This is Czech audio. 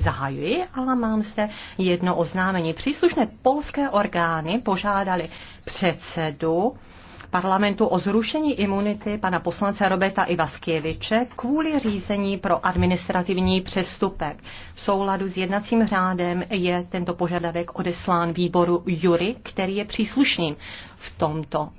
zahajuji, ale mám zde jedno oznámení. Příslušné polské orgány požádali předsedu parlamentu o zrušení imunity pana poslance Roberta Ivaskieviče kvůli řízení pro administrativní přestupek. V souladu s jednacím řádem je tento požadavek odeslán výboru Jury, který je příslušným v tomto